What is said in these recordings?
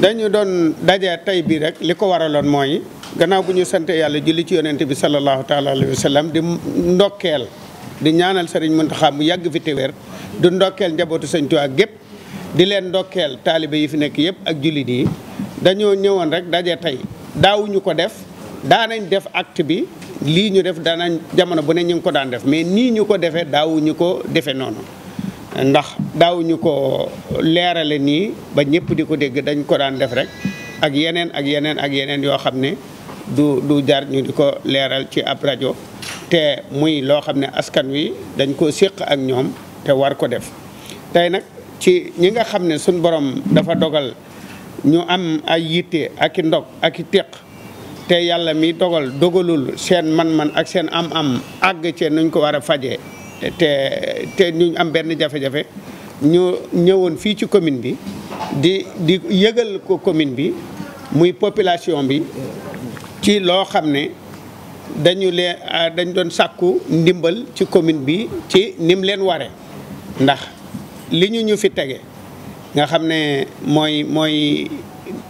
dañu doon daje tey bii rek li ko waraloon mooy gannaaw bu ñu sante yàlla julli ci yonent bi sallallahu taala alayhi wa sallam di ndokkeel di ñaanal sëriñ Muntaxa mu yàgg fi te wér du ndokkeel njabootu sëñ Tuubaa gépp di leen ndokkeel taalibe yi fi nekk yëpp ak jullit yi dañoo ñëwoon rek daje tey daawuñu ko def daanañ def act bi lii ñu def daanañ jamono bu ne ñu ngi ko daan def mais nii ñu ko defee daawuñu ko defee noonu ndax daawuñu ko leerale nii ba ñëpp di ko dégg dañ ko daan def rek ak yeneen ak yeneen ak yeneen yoo xam ne du du jar ñu di ko leeral ci ab rajo te muy loo xam ne askan wi dañ koo séq ak ñoom te war ko def tey nag ci ñi nga xam ne suñ borom dafa dogal ñu am ay yitte ak i ndog aki i téq te yàlla mi dogal dogalul seen man-man ak seen am-am àgg cee nuñ ko war a fajee te te ñu am benn jafe-jafe ñu ñëwoon fii ci commune bi di di yëgal ko commune bi muy population bi ci loo xam ne dañu leen dañ doon sàkku ndimbal ci commune bi ci nim leen ware ndax li ñu ñu fi tege nga xam ne mooy mooy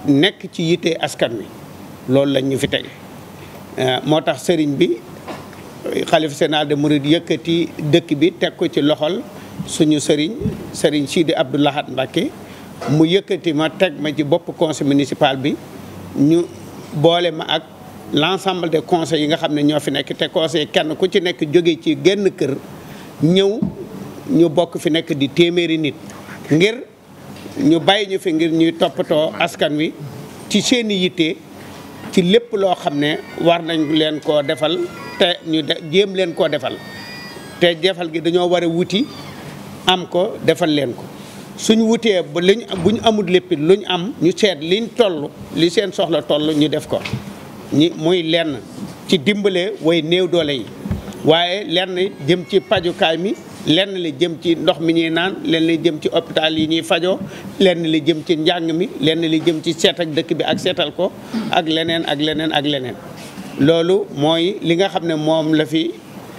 nekk ci yitte askan wi loolu lañ ñu fi tege euh, moo tax sëriñ bi xalif général de Mouride yëkkati dëkk bi teg ko ci loxol suñu sëriñ sëriñ Sidi Abdou Lahad Mbacké mu yëkkati ma teg ma ci bopp conseil municipal bi ñu boole ma ak l' ensemble des yi nga xam ne ñoo fi nekk te conseil kenn ku ci nekk jóge ci genn kër ñëw ñu bokk fi nekk di téeméeri nit ngir ñu bàyyi ñu fi ngir ñuy toppatoo askan wi ci seeni yitte ci lépp loo xam ne war nañ leen koo defal te ñu de jéem leen koo defal te defal gi dañoo war wuti am ko defal leen ko suñ wutee ba bu ñu amul lépp lu ñu am ñu seet liñ toll li seen soxla toll ñu def ko ñi muy lenn ci dimbale way néew doole yi waaye lenn jëm ci pajukaay mi lenn li jëm ci ndox mi ñuy naan lenn li jëm ci hôpital yi ñuy fajoo lenn li jëm ci njàng mi lenn li jëm ci seet ak dëkk bi ak seetal ko ak leneen ak leneen ak leneen loolu mooy li nga xam ne moom la fi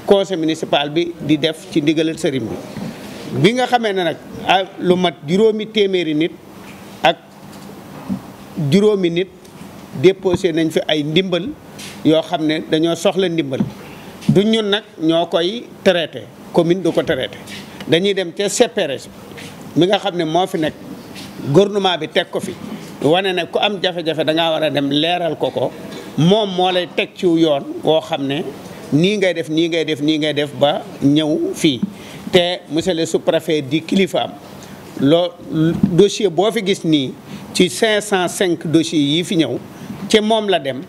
conseil municipal bi di def ci ndigalal sëriñ bi bi nga xamee ne nag lu mat juróomi téeméeri nit ak juróomi nit déposé nañ fi ay ndimbal yoo xam ne dañoo soxla ndimbal du ñun nag ñoo koy traité commune du ko traité dañuy dem ca CPRS mi nga xam ne moo fi nekk gouvernement bi teg ko fi wane ne ku am jafe-jafe da war a dem leeral ko ko moom moo lay teg ci yoon woo xam ne nii ngay def nii ngay def nii ngay def ba ñëw fii te monsieur le sous di kilifaam loo dossier boo fi gis nii ci 505 dossiers yii fi ñëw ci moom la dem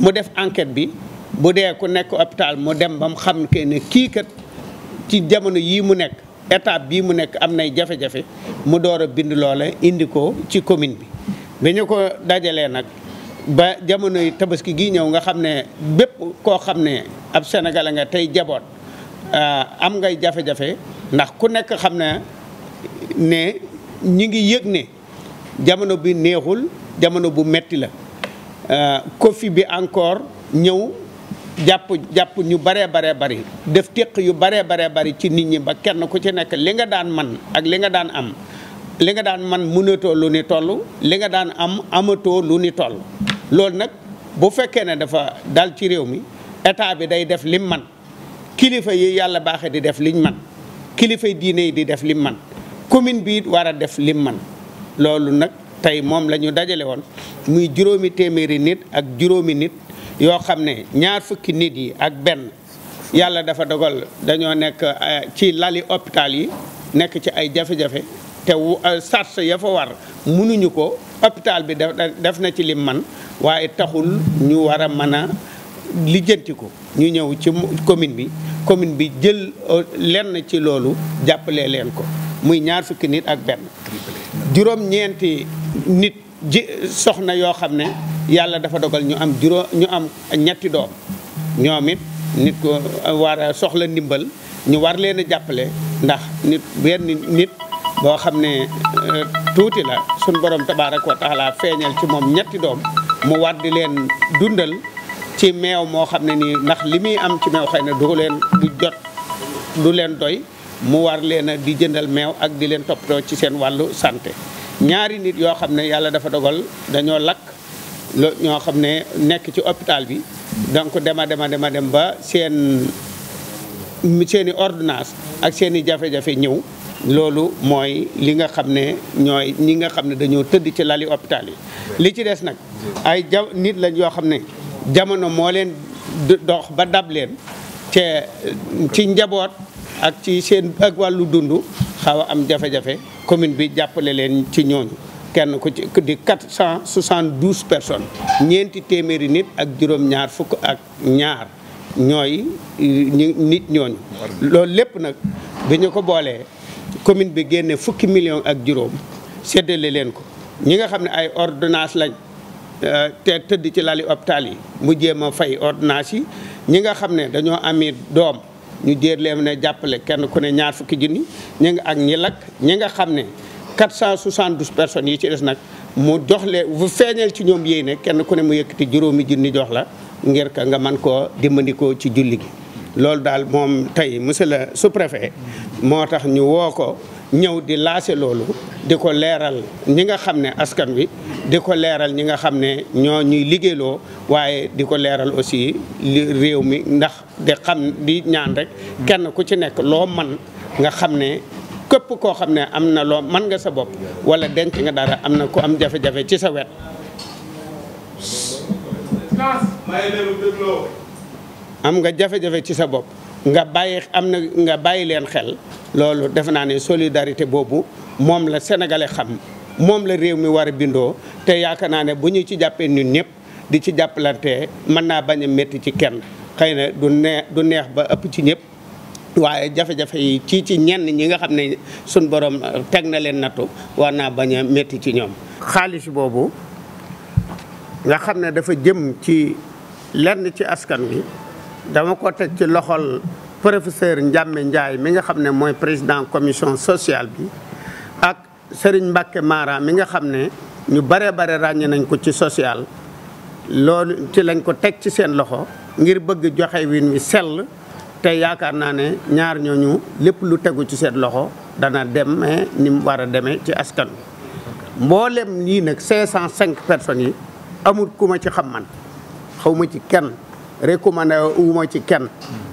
mu def enquête bi bu dee ku nekk hôpital mu dem ba mu xam ke ne kii kat ci jamono yii mu nekk étape bii mu nekk am nay jafe-jafe mu door a bind loola indi ko ci commune bi bi ñu ko dajalee nag. ba jamonoy tabaski gi ñëw nga xam ne bépp koo xam ne ab sénégalais nga tey jaboot ah, am ngay jafe-jafe ndax ku nekk xam ne ne ñi ngi yëg ne jamono bi neexul jamono bu metti la ah, Covid bi encore ñëw jàpp jàpp ñu baree baree bari def téq yu baree baree bari ci nit ñi ba kenn ku ci nekk li nga daan man ak li nga daan am li nga daan man mënatoo lu ni tollu li nga daan am amatoo lu ni toll loolu nag bu fekkee ne dafa dal ci réew mi état bi day def lim man kilifa yi yàlla baaxee di def liñ man kilifa diine yi di def lim man commune bi it war a def lim man loolu nag tey moom la ñu dajale woon muy juróomi téeméeri nit ak juróomi nit yoo xam ne ñaar fukki nit yi ak benn yàlla dafa dogal dañoo nekk eh, ci lali hôpital yi nekk ci ay jafe-jafe te euh, charge ya fa war mënuñu ko hôpital bi def na ci lim man waaye taxul ñu war a mën a lijjanti ko ñu ñëw ci commune bi commune bi jël euh, lenn ci loolu jàppale leen ko muy ñaar fukki nit ak benn juróom-ñeenti nit ji soxna yoo xam ne yàlla dafa dogal ñu am juróom ñu am ñetti doom ñoom it nit ko war a soxla ndimbal ñu war leen a jàppale ndax nit boo xam ne euh, tuuti la suñ borom tabaaraka wa taala feeñal ci moom ñetti doom mu war di leen dundal ci meew moo xam ne nii ndax li muy am ci meew xëy na du leen du jot du leen doy mu war leen di jëndal meew ak di leen toppatoo ci seen wàllu santé ñaari nit yoo xam ne yàlla dafa dogal dañoo lakk lo ñoo xam ne nekk ci hôpital bi donc dema dema dema dem ba seen seeni ordonnance ak seeni jafe-jafe ñëw loolu mooy li nga xam ne ñooy ñi nga xam ne dañoo tëdd ci lali hôpital yi li ci des nag ay ja nit lañ yoo xam ne jamono moo leen dox ba dab leen ci njaboot ak ci seen ak wàllu dund xaw am jafe-jafe commune bi jàppale leen ci ñooñu kenn ku ci di quatre cent soixante-douze ñeenti téeméeri nit ak juróom-ñaar fukk ak ñaar ñooy nit ñooñu loolu lépp nag bi ñu ko boolee commune bi génne fukki million ak juróom séddale leen ko ñi nga xam ne ay ordinance lañ euh, te tëdd ci lali hôpital yi mu jéem a fay ordonnance yi ñi nga xam ne dañoo ami doom ñu jéer leen jàppale kenn ku ne ñaar fukki junni ñu ngi ak ñi lakk ñi nga xam ne 472 personnes yi ci des nag mu jox leen bu ci ñoom yéene kenn ku ne mu yëkkati juróomi junni jox la ngir ka nga man koo dimbandikoo ci julli gi loolu daal moom tey monsieur le sous moo tax ñu woo ko ñëw di laase loolu di ko leeral ñi nga xam ne askan wi di ko leeral ñi nga xam ne ñoo ñuy liggéeyloo waaye di ko leeral aussi réew mi ndax di xam di ñaan rek kenn ku ci nekk loo man nga xam ne képp koo xam ne am na loo man nga sa bopp wala denc nga dara am na ku am jafe-jafe ci sa wet am nga jafe-jafe ci sa bopp nga bàyyi am na nga bàyyi leen xel loolu defe naa ne solidarité boobu moom la sénégalais xam moom la réew mi war a bindoo te yaakaar naa ne bu ñu ci jàppee ñun ñëpp di ci jàppalante mën naa bañ a métti ci kenn xëy na du neex ba ëpp ci ñëpp waaye jafe-jafe yi ci ci ñenn ñi nga xam ne suñ borom euh, teg na leen nattu war naa bañ a métti ci ñoom xaalis boobu nga xam ne dafa jëm ci lenn ci askan wi dama ko teg ci loxol professeur Ndiame Ndiaye mi nga xam ne mooy président commission sociale bi ak Serigne Mbacke Mara mi nga xam ne ñu bare bare ràññee nañ ko ci sociale loolu ci lañ ko teg ci seen loxo ngir bëgg joxe win wi sell te yaakaar naa ne ñaar ñooñu lépp lu tegu ci seen loxo dana demee ni mu war a demee ci askan wi mboolem lii nag 505 personnes yi amul ku ma ci xam man xaw ci kenn. recommandé wu ma ci kenn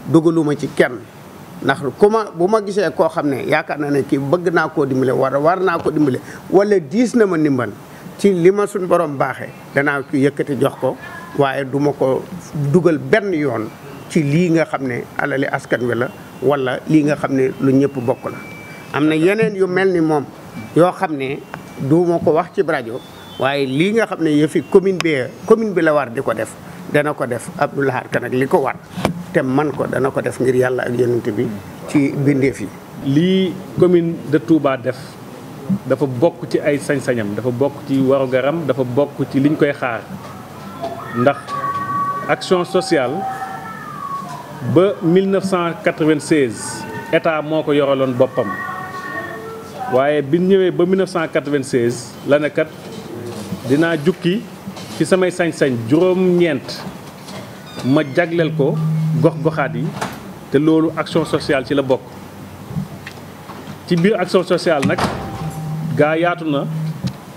dugaluma ci kenn ndax ku ma bu ma gisee koo xam ne yaakaar na ne kii bëgg naa koo dimbale war war naa ko dimbale wala diis na ma ndimbal ci li ma suñ borom baaxee danaa ko yëkkati jox ko waaye du ko dugal benn yoon ci lii nga xam ne alali askan wi la wala lii nga xam ne lu ñëpp bokk am na yeneen yu mel ni moom yoo xam ne du ko wax ci rajo waaye lii nga xam ne yëfi commune bi commune bi la war di ko def dana ko def Abdou Lahad li ko war te man ko dana ko def ngir yàlla ak yonent bi ci bindeef yi. lii commune de Touba def dafa bokk ci ay sañ-sañam dafa bokk ci warugaram dafa bokk ci liñ koy xaar ndax action sociale ba 1996 état moo ko yoraloon boppam waaye bi ñëwee ba 1996 la ne dinaa jukki. ci samay sañsañ juróom-ñeent ma jagleel ko gox-goxaat yi te loolu action sociale ci la bokk ci biir action sociale nag gaa yaatu na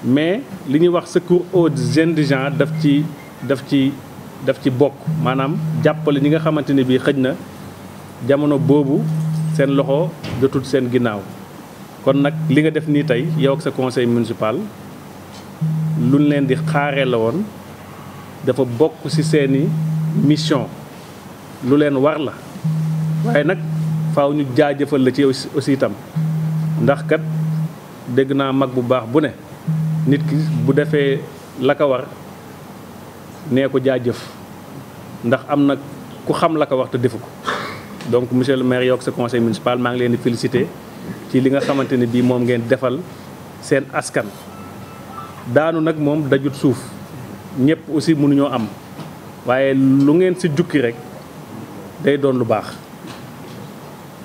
mais li ñuy wax secours aux indigents daf ci daf ci daf ci bokk maanaam jàppale ñi nga xamante ni bii xëj na jamono boobu seen loxo jotul seen ginnaaw kon nag li nga def nii tey yow ak sa conseil municipal luñ leen di xaare la woon dafa bokk ci seeni mission lu leen war la waaye nag faw ñu jaajëfal la ci yow aussi itam ndax kat dégg naa mag bu baax bu ne nit ki bu defee la ko war nee ko jaajëf ndax am na ku xam la ko wax te defu ko donc monsieur le maire yokk sa conseil municipal maa ngi leen di féliciter ci li nga xamante ne bii moom ngeen defal seen askan daanu nag moom dajut suuf ñëpp aussi mënuñoo am waaye lu ngeen si jukki rek day doon lu baax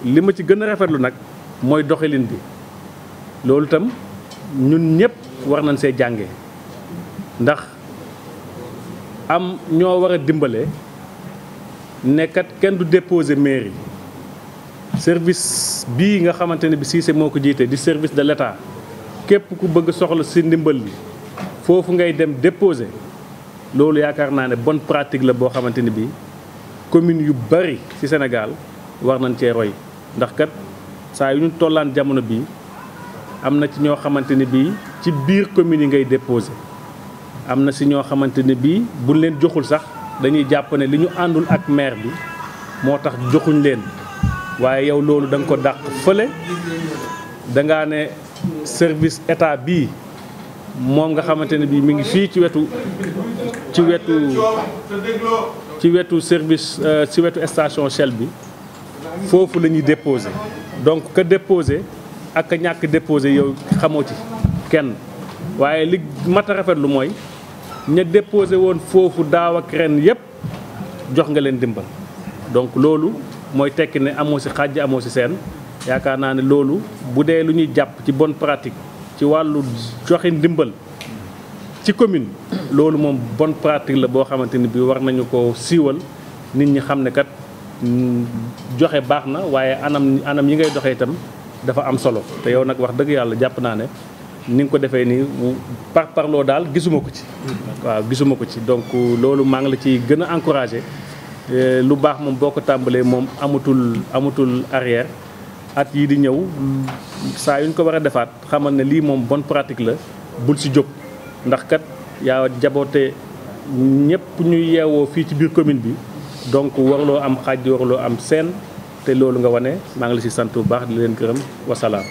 li ma ci gën a rafetlu nag mooy doxalin bi loolu itam ñun ñëpp war nañ see jànge ndax am ñoo war a dimbale nekkat kenn du déposer mairie service bii nga xamante ne bi Cissé moo ko jiite di service de l'État képp ku bëgg soxla si ndimbal li foofu ngay dem déposer loolu yaakaar naa ne bonne pratique la boo xamante ni bii commune yu bari ci Sénégal war nañ cee roy ndax kat saa yu ñu tollaan jamono bii am na ci ñoo xamante ni bii ci biir commune yi ngay déposer am na si ñoo xamante ni bii buñ leen joxul sax dañuy jàpp ne li ñu àndul ak maire bi moo tax joxuñ leen waaye yow loolu da ko dàq fële da ne service état bii moom nga xamante ne bii mi ngi fii ci wetu ci wetu ci wetu service euh, ci wetu station Shell bi foofu la ñuy déposé donc ka déposé ak ka ñàkk déposé yow xamoo ci kenn waaye li mat a rafetlu mooy ña déposé woon foofu daaw ak ren yëpp jox nga leen dimbal donc loolu mooy tekki ne amoo si xàjj amoo si seen yaakaar naa ne loolu bu dee lu ñuy jàpp ci bonne pratique ci wàllu joxe ndimbal ci commune loolu moom bonne pratique la boo xamante ni bi war nañu ko siiwal nit ñi xam ne kat joxe baax na waaye anam anam yi ngay doxee itam dafa am solo te yow nag wax dëgg yàlla jàpp naa ne ni nga ko defee nii par parloo daal gisuma ko ci waaw gisuma ko ci donc loolu maa ngi la ci gën a encouragé euh, lu baax moom boo ko tàmbalee moom amatul amatul arrière at yii di ñëw saa yu ñu ko war a defaat xamal na lii moom bonne pratique la bul si jóg ndax kat yaa jaboote ñëpp ñuy yeewoo fii ci biir commune bi donc waruloo am xaaj waruloo am seen te loolu nga wane maa ngi la si sant bu baax di leen gërëm wasalaam.